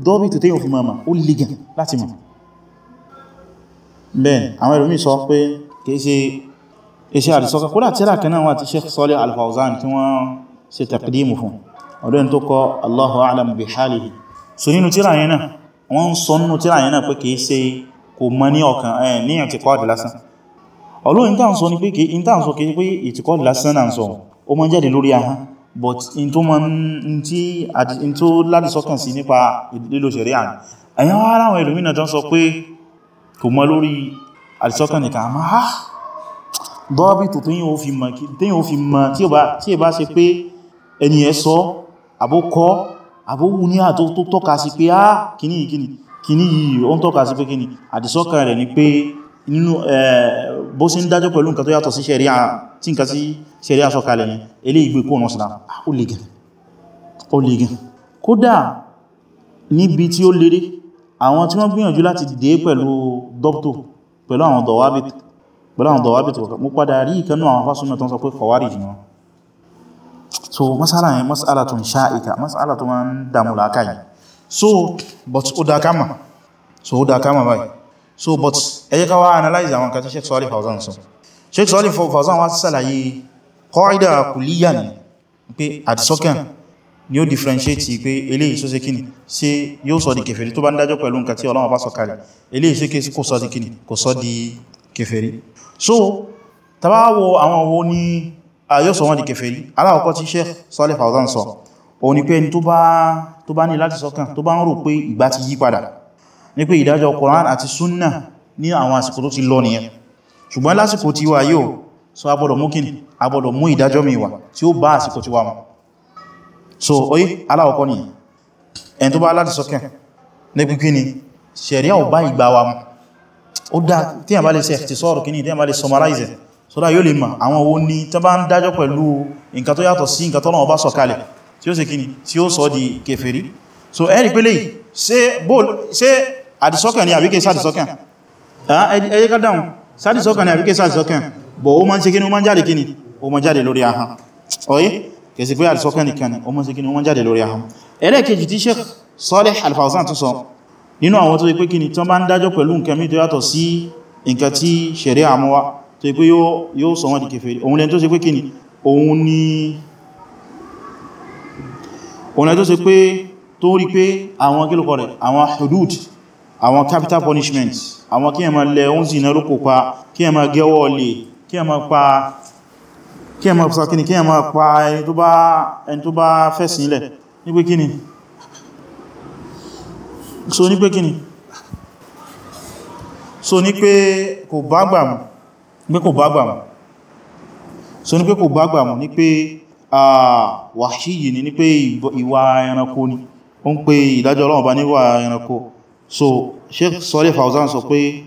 dọ́bìtì tí yóò fi máa ó lè gan láti mọ̀ bẹ́ẹ̀ àwọn ẹlòmíì sọ pé kìí ṣe iṣẹ́ àdìsọ́kà kó láti tíra kan náà wà tí Shaykh Saalih ọdún tó kọ Allahu a'lam bi halihi so nínú tíra yẹn náà wọ́n ń sọ nínú tíra yẹn náà pé kìí ṣe kò mọ́ ní ọkàn ẹ̀ ní ìtìkọ́ọ̀dì lásán ọlọ́run ìta ń sọ ní pé kìí ìta ń sọ kìí pé ìtìkọ́ọ̀dì lásán náà ń sọ ó mọ́ jáde lórí ahán but in tó mọ́ in tó láti sọ́kàn sí nípa lílo ṣẹ̀rí àn tí yóò fi mọ̀ tí ó bá ṣe pé ẹni ẹ̀ sọ àbókọ́ àbówú ní àtó tó tọ́ka sí pé áà kìní ìkìní kìní yìí o ń tọ́ka sí pé kìní àdìsọ́kàn rẹ̀ ni pé nínú bó sí ń dájọ́ pẹ̀lú nǹkan tó yàtọ̀ sí ṣẹ̀ríà tí nǹkan sí ṣẹ̀ríà ni ilé ìgbé kó ọ̀nà sílá ó lè gan ó lè gan kódà níbi tí ó léré àwọn tí wọ́n gbìyànjú láti dé pẹ̀lú àwọn dọ̀wábìtì pẹ̀lú padà rí ìkanú àwọn fásúnmẹ́ tó ń sọ pé kọ̀wárì jùlọ so masala yẹn masala tó ń ṣáìkà damula tó so but ó kama so ó kama báyìí so but ẹjẹ́ ká wá analyze àwọn kan tí Sheikh Salih Fawzan sọ Sheikh Salih Fawzan wá sàlàyé qaida kulliya ni pé àdìsọ́kàn ni ó differentiate pé eléyìí sọ ṣe kíni ṣé yóò sọ di kèfèrí tó bá ń dájọ́ pẹ̀lú nǹkan tí Ọlọ́run bá sọ kalẹ̀ eléyìí ṣe kó sọ di kíni kò sọ di kèfèrí so tabawo àwọn wo ni Ah, yóò sọ wọ́n di kèfèrí aláwọ̀kọ́ tí Sheikh Saleh Fawzan sọ òun ni pé ẹni tó bá ní láti sọ́kàn tó bá ń rò pé ìgbà ti yí padà ní pé ìdájọ́ Qur'an àti Sunna ní àwọn àsìkò tó ti lọ nìyẹn ṣùgbọ́n lásìkò ti wà yóò so agbọ́dọ̀ mú kíni agbọ́dọ̀ mú ìdájọ́ mi wà tí ó bá àsìkò ti wà mọ́ so oye aláwọ̀kọ́ nìyẹn ẹni tó bá láti sọ́kàn ní pínpín ni ṣẹ̀ríà ò ìgbà wa mọ́ ó dá tí a bá lè ṣe ti sọ́rọ̀ kíní tí a bá lè summarize sọ́dá yóò lè mọ̀ àwọn owó ní tó bá ń dájọ́ pẹ̀lú nǹkan tó yàtọ̀ sí nǹkan tọ́lọ́wọ́ bá sọ̀kalẹ̀ tí ó ṣe kíni tí ó sọ di kèfèrí so ẹni pé léyìí ṣe àdìsọ́kàn ni àbíkẹ́ sàdìsọ́kàn ẹjẹ́ ká dáhùn sàdìsọ́kàn ni àbíkẹ́ sàdìsọ́kàn bọ̀ ó máa ń ṣe kíni ó máa ń jáde kíni ó máa ń jáde lórí ahọ́n ọ̀yẹ́ kèsì pé ni ó máa ń ṣe kíni ó máa ń jáde lórí ahọ́n ẹlẹ́ẹ̀kejì tí Sheikh Saleh Al Fawzan tún sọ nínú àwọn sí nǹkan tó pé yóò sọ wọ́n di kèfèrí òun lẹ́n tó ṣe pé kíni òun ni òun lẹ́n tó ṣe pé tó rí pé àwọn kílùkọ rẹ̀ àwọn hudud àwọn capital punishment àwọn kí ẹmà lẹ oún sí ìnáró kò pa kí ẹmà gẹ́wọ́ lè kí ẹmà pa kí ẹmà pa kíni kí ẹmà pa ẹni tó bá fẹ̀sìn lẹ̀ ní pé so ní pé kò bá gbàmù pé kò bá gbàmù so ní pé kò bá gbàmù ní pé wàṣíyì ni ní pé ìwà ẹranko ni ó ń pé ìdájọ́ Ọlọ́run bá níwà ẹranko so Sheikh Saalih Fawzān sọ pé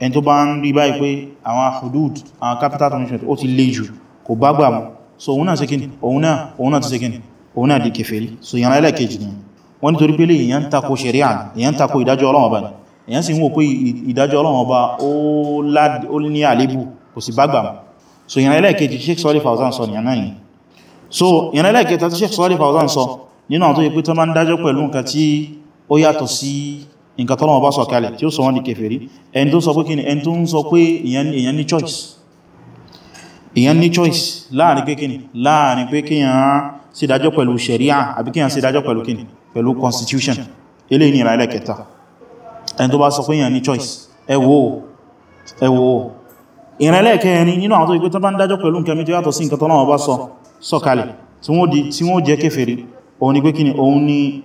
ẹni tó bá ń rí báyìí pé àwọn hudud àwọn capital punishment ó ti le jù kò bá gbàmù so òun náà ṣe kíni òun náà òun náà so ìyànlá ẹlẹ́kejì ni wọ́n nítorí pé lè èyàn ń tako ṣẹ̀ríà èyàn ń tako ìdájọ́ Ọlọ́run bá bá ó ní àlébù kò sí bá gbàmù so ìran ẹlẹ́ẹ̀kejì Sheikh Saalih Fawzān sọ so ìran ẹlẹ́ẹ̀kẹta tí Sheikh Saalih Fawzān sọ nínú àwọn tó yẹ pé tó máa ń dájọ́ pẹ̀lú nǹkan tí ó yàtọ̀ sí nǹkan tọ́lọ́wọ́ bá sọ kalẹ̀ tí ó sọ wọ́n di kèfèrí ẹni tó sọ pé kíni choice èèyàn choice láàrin pé kíni láàrin pé kíyàn sí dájọ́ pẹ̀lú sharia àbí kíyàn sí dájọ́ pẹ̀lú kíni constitution eléyìí ni ìran ẹlẹ́ẹ̀kẹta ẹni tó bá sọ choice ẹ wò ẹ wò ìrìnlẹ̀ kẹrin nínú àwọn tó ìpé tó bá ń dájọ́ pẹ̀lú nǹkan mi tó yàtọ̀ sí nǹkan tó náà bá sọ sọ̀kalẹ̀ tí wọ́n jẹ́ kèfèrí òun ni pé kí ni òun ni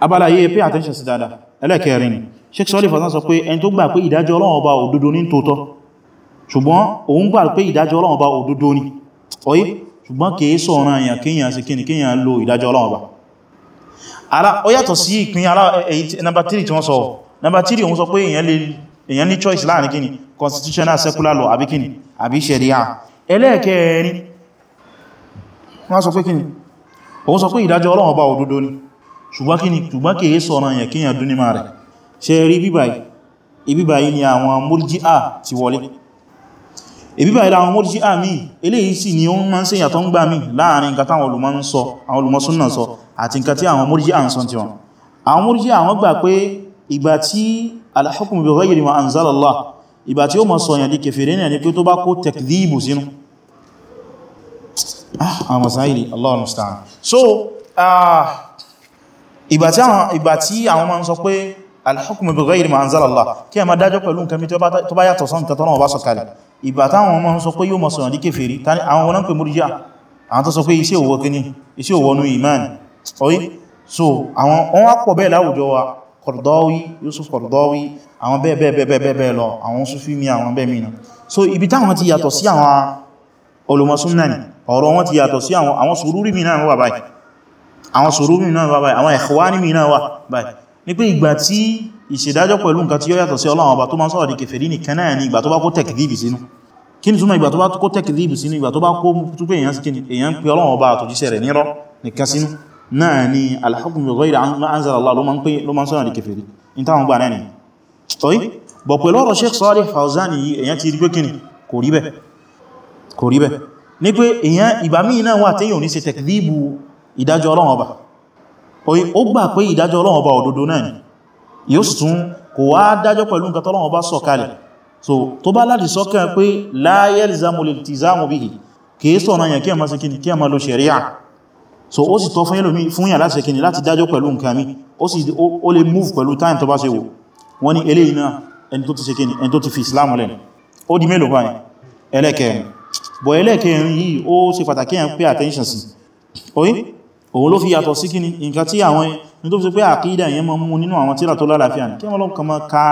abala yìí pay attention sí dáadáa ẹlẹ́kẹrin ni Sheikh Sọ́lé Fàtán sọ pé ẹni tó gbà pé ìdájọ́ Ọlọ́run Ọba òdodo ní tòótọ́ ṣùgbọ́n òun gbà pé ìdájọ́ Ọlọ́run Ọba òdodo ni ọyí ṣùgbọ́n lo ìdájọ́ Ọlọ́run Ọba ara ó yàtọ̀ sí ìpín ara number 3 tí wọ́n sọ èyàn ní choice láàrin kíni constitutional secular law àbí kini àbí sharia ẹlẹ́ẹ̀kẹ́ẹ̀rin wọ́n sọ pé kíni òun sọ pé ìdájọ́ Ọlọ́run ọba òdodo ni ṣùgbọ́n kíni ṣùgbọ́n kìí sọ̀rọ̀ yẹn kíyàn dún ní máa rẹ̀ ṣe rí bíbáyìí ìbíbáyìí ni àwọn murji'a ti wọlé mi eléyìí sì ni ó máa ń ṣe ìyàtọ̀ ń gbà mí láàrin nǹkan táwọn olùmọ̀ ń sọ àwọn olùmọ̀ súnnà sọ àti ìgbà tí al-hukmu bi ghayri ma anzala Allah ìgbà tí ó mọ̀ sọ̀yàn di kèfèrè ní ẹni pé tó bá kó tẹ̀kìdìbù sínú ah, àwọn so ah, ìgbà tí àwọn ma ń sọ pé al-hukmu bi ghayri ma anzala Allah kí a ma dájọ́ pẹ̀lú nǹkan mi tó bá yàtọ̀ sọ́n nǹkan tọ́nà ọba sọ̀kalẹ̀ ìgbà táwọn ma ń sọ pé yóò mọ̀ sọ̀yàn di kèfèrè àwọn wọn iṣẹ́ òwò kíní iṣẹ́ òwò nú ìmán ọ̀yí so àwọn wọn pọ̀ bẹ́ẹ̀ láwùjọ wa Qaradawi Yusuf Qaradawi àwọn bẹ́ẹ̀ bẹ́ẹ̀ bẹ́ẹ̀ bẹ́ẹ̀ lọ àwọn Sufi mi àwọn bẹ́ẹ̀ mìíràn so ibi táwọn ti yàtọ̀ sí àwọn olùmọ̀súnnà ni ọ̀rọ̀ wọn ti yàtọ̀ sí àwọn sùúrùrí mìíràn wà báyìí àwọn sùúrùrí mìíràn wà báyìí àwọn ikhwani mìíràn wà báyìí ní pé ìgbà tí ìṣèdájọ́ pẹ̀lú nǹkan tí ó yàtọ̀ sí Ọlọ́run ọba tó máa sọ̀rọ̀ di kèfèrí nìkan náà ni ìgbà tó bá kó tẹ̀kìdìbì sínú kí ni túnmọ̀ ìgbà tó bá kó tẹ̀kìdìbì sínú ìgbà tó bá àtòjíṣẹ́ rẹ̀ nírọ́ nìkan sínú náà ni al-hukmu bi ghayri ma anzala Allah ló ma ń sọ́nà ní kèfèrí in táwọn gbà náà ni tọ́yí bọ̀ pẹ̀lú ọ̀rọ̀ Shaykh Saalih Fawzān yìí èyàn ti rí pé kíni kò rí bẹ́ẹ̀ kò rí bẹ́ẹ̀ ní pé èyàn ìbámí náà wà téèyàn ní ṣe tẹ̀kìdíbù ìdájọ́ Ọlọ́run ọba ó gbà pé ìdájọ́ Ọlọ́run ọba òdodo náà ni yóò sì tún kò wá dájọ́ pẹ̀lú nǹkan so ó sì tọ́ fún ẹlòmí fún yà láti ṣekini láti dájọ́ pẹ̀lú nǹkan mi ó sì ó lè move pẹ̀lú time tó bá ṣe wò wọ́n ní eléyìí náà ẹni tó ti ṣekini ẹni tó ti fi Islam lẹ̀ ó di mélòó báyìí ẹlẹ́kẹ̀ẹ́rin bọ̀ ẹlẹ́kẹ̀ẹ́rin yìí ó ṣe pàtàkì yàn pay attention sí oye òun ló fi yàtọ̀ sí kíni nǹkan tí àwọn ní tó fi pé àkídà yẹn mọ́ mú nínú àwọn tíra tó lálàáfíà kí wọ́n lọ́kàn ma ka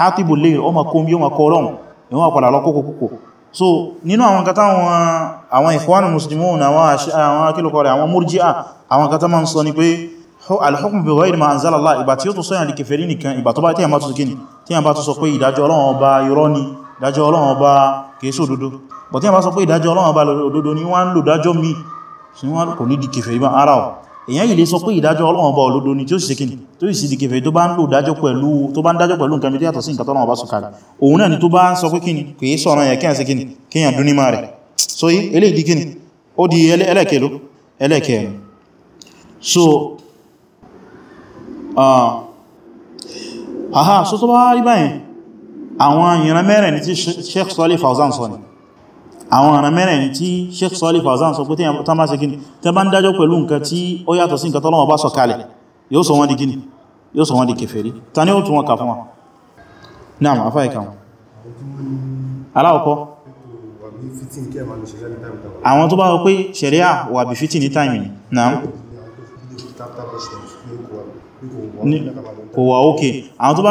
o ma ọmọ kóńbí ọmọ kọ́ ọlọ́run ìwọ́n àpàdà lọ́kọ́kọ́kọ́ so nínú àwọn kata àwọn ikhwanu muslimun àwọn akílùkọ rẹ̀ àwọn murji'a àwọn kata ma ń sọ ni pé al-hukm bi ghayri ma anzala Allah ìbà tí ó tó sọ́yàn di kèfèrí nìkan ìbà tó bá tí a bá tó kíni tí a bá tó sọ pé ìdájọ́ Ọlọ́run ọba irọ́ ni ìdájọ́ Ọlọ́run ọba kèésù èyàn yìí lè sọ pé ìdájọ́ Ọlọ́run bá olódo ni tí ó sì kíni tó sì di kèfèrí tó bá ń lò dájọ́ pẹ̀lú tó bá ń dájọ́ pẹ̀lú nǹkan tó yàtọ̀ sí nǹkan tọ́lọ́run bá sọ kalẹ̀ òun náà ni tó bá ń sọ pé kíni kò yí sọ̀rọ̀ yẹn kíyàn so aha so tó bá rí báyìí àwọn ni tí Sheikh Salih Fawzan àwọn ọ̀nà mẹ́rin tí Sheikh Salih Fawzan sọ pé tí a máa ṣe gini tí a bá ń dájọ́ pẹ̀lú nǹkan tí ó yàtọ̀ sí nǹkan tọ́lọ́wọ́ bá sọ kalẹ̀ yóò sọ wọ́n di gini yóò sọ wọ́n di kèfèrí ta ni ó tún wọn kà fún wa náà afá wọn àwọn tó bá wọ pé ṣẹ̀ríà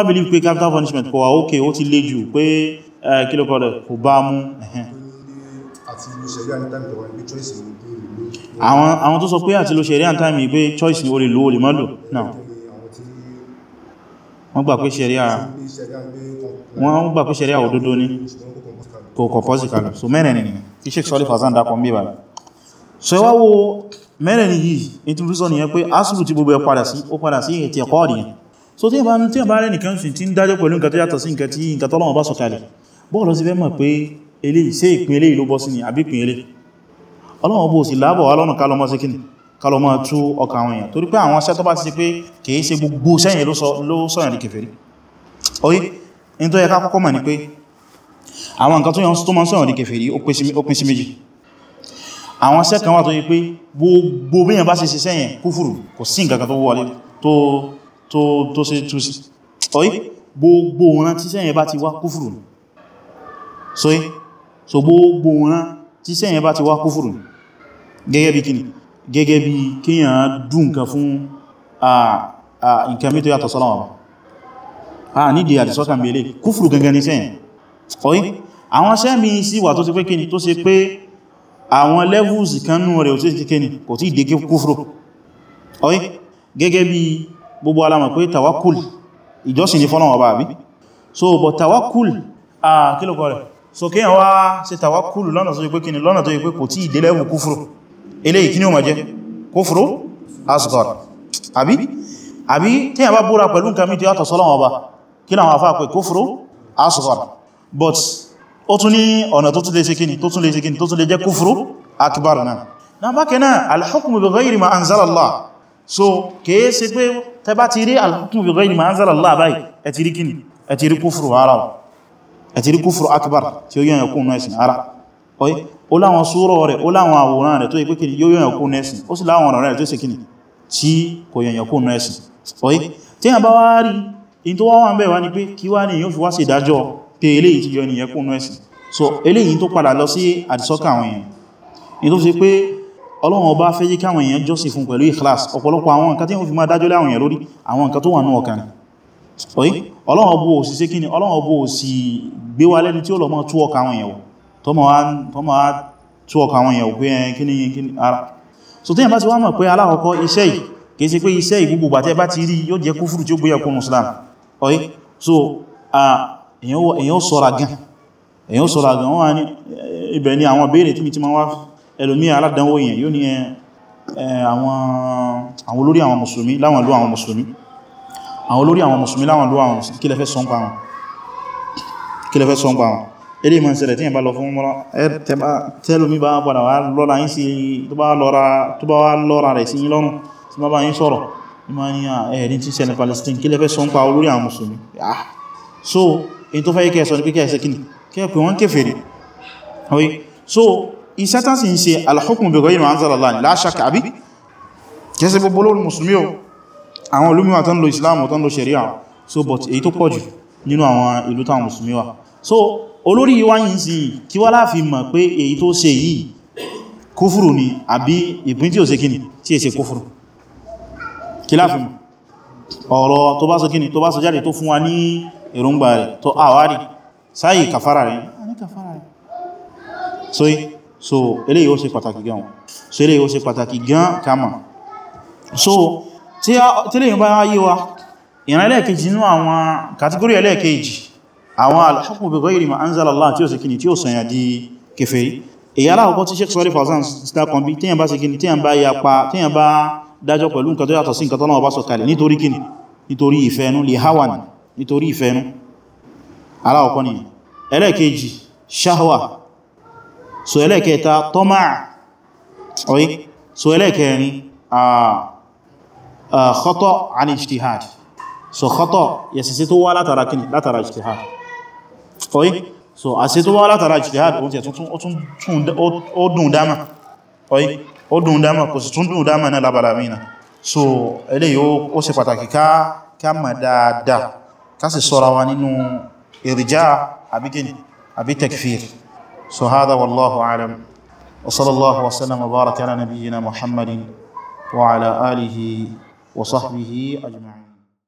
believe pé capital punishment kò wà ókè ó ti le jù eh, àwọn tó sọ pé àti lo ṣẹ̀ríà time pé choice ni o lè lo o lè má lò náà wọ́n gbà pé ṣẹ̀ríà wọ́n gbà pé ṣẹ̀ríà òdodo ní kò kọ̀pọ̀sì kalọ̀ so mẹ́rin ni kí Sheikh Sọ́lé Fàzán dákọ̀ ń bí bàbá so ẹwà wo mẹ́rin ni yìí ní tí rúsọ nìyẹn pé asùlù ti gbogbo ẹ padà sí ó padà sí ètì ẹ̀kọ́ ọ̀dìyàn so tí ìbá rẹ̀ nìkan sì ti ń dájọ́ pẹ̀lú nǹkan tó yàtọ̀ sí nǹkan tí nǹkan tọ́lọ́wọ́ bá sọ̀kalẹ̀ bọ́ọ̀lọ́ fẹ́ mọ̀ pé eléyìí ṣé ìpín eléyìí ló bọ́ sí ni àbí ìpín eléyìí ọlọ́run bó sì láàbọ̀ wá lọ́nà kálọmọ́ sí kíni kálọmọ́ tú ọkà àwọn èèyàn torí pé àwọn iṣẹ́ tó bá ti ṣe pé kìí ṣe gbogbo sẹ́yìn ló sọ̀rọ̀ ní kèfèrí orí in tó yẹ ká kọ́kọ́ mọ̀ ní pé àwọn nǹkan tó yàn tó mọ́ sọ̀rọ̀ ní kèfèrí ó pín sí méjì àwọn iṣẹ́ kan wà tó yẹ pé gbogbo bíyàn bá ṣe ṣe sẹ́yìn kúfùrù kò sí nǹkan bá ti wá kúfùrù so so gbogbo wọn tí sẹ́yìn bá ti wá kúfùrù gẹ́gẹ́ bí kíni gẹ́gẹ́ bí kíyàn dùn nǹkan fún nǹkan mítò yàtọ̀ sọ́lọ́wọ́ bá a nídìí àdìsọ́kà mẹ́lẹ̀ kúfùrù gangan ní sẹ́yìn ọ̀yí àwọn sẹ́mi sí wà tó ṣe pé kíni tó ṣe pé àwọn levels kanú rẹ̀ òtí ti kíni kò tí ìdégé kúfùrù ọ̀yí gẹ́gẹ́ bí gbogbo alamọ̀ ìjọsìn ní fọ́lọ́wọ́ bá àbí so but tawakul a kílùkọ rẹ̀ so kí yàn wá ṣe tàwákùlù lọ́nà tó yí pé kí ni lọ́nà tó yí pé kò tí ìdélẹ́wù kúfùrù eléyìí kí ni ó ma jẹ́ kúfùrù asghar àbí àbí tí yàn bá búra pẹ̀lú nǹkan mí tí yàtọ̀ kí náà àfáà pé kúfùrù asghar but ó tún ní ọ̀nà tó tún lè ṣe kíni tó tún lè ṣe kíni tó tún lè so kìí ṣe pé tẹ bá ti rí al-hukmu bi ghayri ma anzala Allah àti rí kúfùrù akbar tí ó yọ́yàn kún nẹ́sìn ara ọ̀yí ó láwọn súrọ̀ rẹ̀ ó láwọn àwòrán rẹ̀ tó yẹ pé yóò yọ́yàn kún nẹ́sìn ó sì láwọn ọ̀rọ̀ rẹ̀ tó sì kìnnì tí kò yọ́yàn kún nẹ́sìn ọ̀yí tí a bá wá in tó wá wà ń wá ní pé kí wá ní so eléyìí tó padà lọ sí àdìsọ́kà àwọn èèyàn in tó fi pé ọlọ́run ọba fẹ́ jí káwọn èèyàn jọ́sìn fún pẹ̀lú ìkìláàsì ọ̀pọ̀lọpọ̀ àwọn oyi ọlọ́wọ́ bó sì ṣe kíni ọlọ́wọ́ bó sì gbé wa lẹ́ni tí ó lọ mọ́ tú ọkà àwọn èèyàn tó mọ́ tú ọkà àwọn èèyàn pé kíni kíni ara so tí yẹn bá ti wá mọ̀ pé alákọ̀ọ́kọ́ iṣẹ́ yìí kìí ṣe pé iṣẹ́ ìgbogbo bàtẹ́ bá ti rí yóò jẹ́ kúfùrù tí ó gbéyàkó muslim oyi so èèyàn sọ́ra gan èèyàn sọ́ra gan wọ́n ní ibẹ̀ ni àwọn béèrè tí mi ti máa wá ẹlòmí aládánwò yẹn yóò ní àwọn olórí àwọn mùsùlùmí láwọn ìlú àwọn mùsùlùmí àwọn olórí àwọn mùsùlùmí láwọn ló àwọn kí lẹ fẹ́ sọ nípa wọn kí lẹ fẹ́ sọ nípa wọn ilé ìmọ̀ ìṣẹ̀lẹ̀ tí ìbá lọ fún mọ́rán tẹ́lómi bá padà wá lọ́ra yín sí tó bá wá lọ́ra rẹ̀ sí lọ́rùn tí bá bá yín sọ̀rọ̀ ìmọ̀ ni ẹ̀ẹ̀dín so in tó fẹ́ kẹ́ sọ ní pé kẹ́ẹ̀ṣẹ́ kíni kẹ́ẹ̀pẹ̀ wọ́n so iṣẹ́ tán sì ń ṣe al-hukmu bi ghayri ma anzala Allah la shakka àwọn olúmíwà tó ń lo islamu tó ń lo sharia so but èyí tó pọ̀jù nínú àwọn ìlú táwọn musulmi wà so olórí wa yìí sí kí wá láàfi mọ̀ pé èyí tó ṣe yìí kúfùrù ni àbí ìpín tí ó ṣe kíni tí è ṣe kúfùrù kí láàfi mọ̀ ọ̀rọ̀ tó bá sọ kíni tó bá sọ jáde tó fún wa ní èròǹgbà rẹ̀ tó àwárí sáyì kàfàrà rẹ̀ so so eléyìí ó ṣe so tí lè bá yí wa ìran ẹlẹ́ẹ̀kejì nínú àwọn kàtígórí ẹlẹ́ẹ̀kejì àwọn al-hukmu bi ghayri ma anzala Allah tí ó sì kíni tí ó sànyà di kèfèrí èyí alákọ̀ọ́kọ́ tí Shaykh Saalih Al Fawzān stakon bí tíyàn bá sì kíni tíyàn bá yapa tíyàn bá dájọ́ pẹ̀lú nǹkan tó yàtọ̀ sí nǹkan tọ́nà ọba sọ̀kalẹ̀ nítorí kíni nítorí ìfẹ́nu khata an ijtihad so khata yẹ̀sẹ̀sẹ̀ tó wá látara kíni látara ijtihad ọ̀yí so àṣẹ tó wá látara ijtihad ó dùn dáma ọ̀yí ó dùn dáma kò sì tún dùn dáma náà lábàlá mìíràn so eléyìí ó ṣe pàtàkì ká mọ̀ dáadáa ká sì sọ́ra wa nínú ìrìjá àbí kíni àbí takfir so hádá wallahu alam wa sallallahu wa sallam wa baraka ala nabiyyina muhammadin wa ala alihi وصحبه أجمعين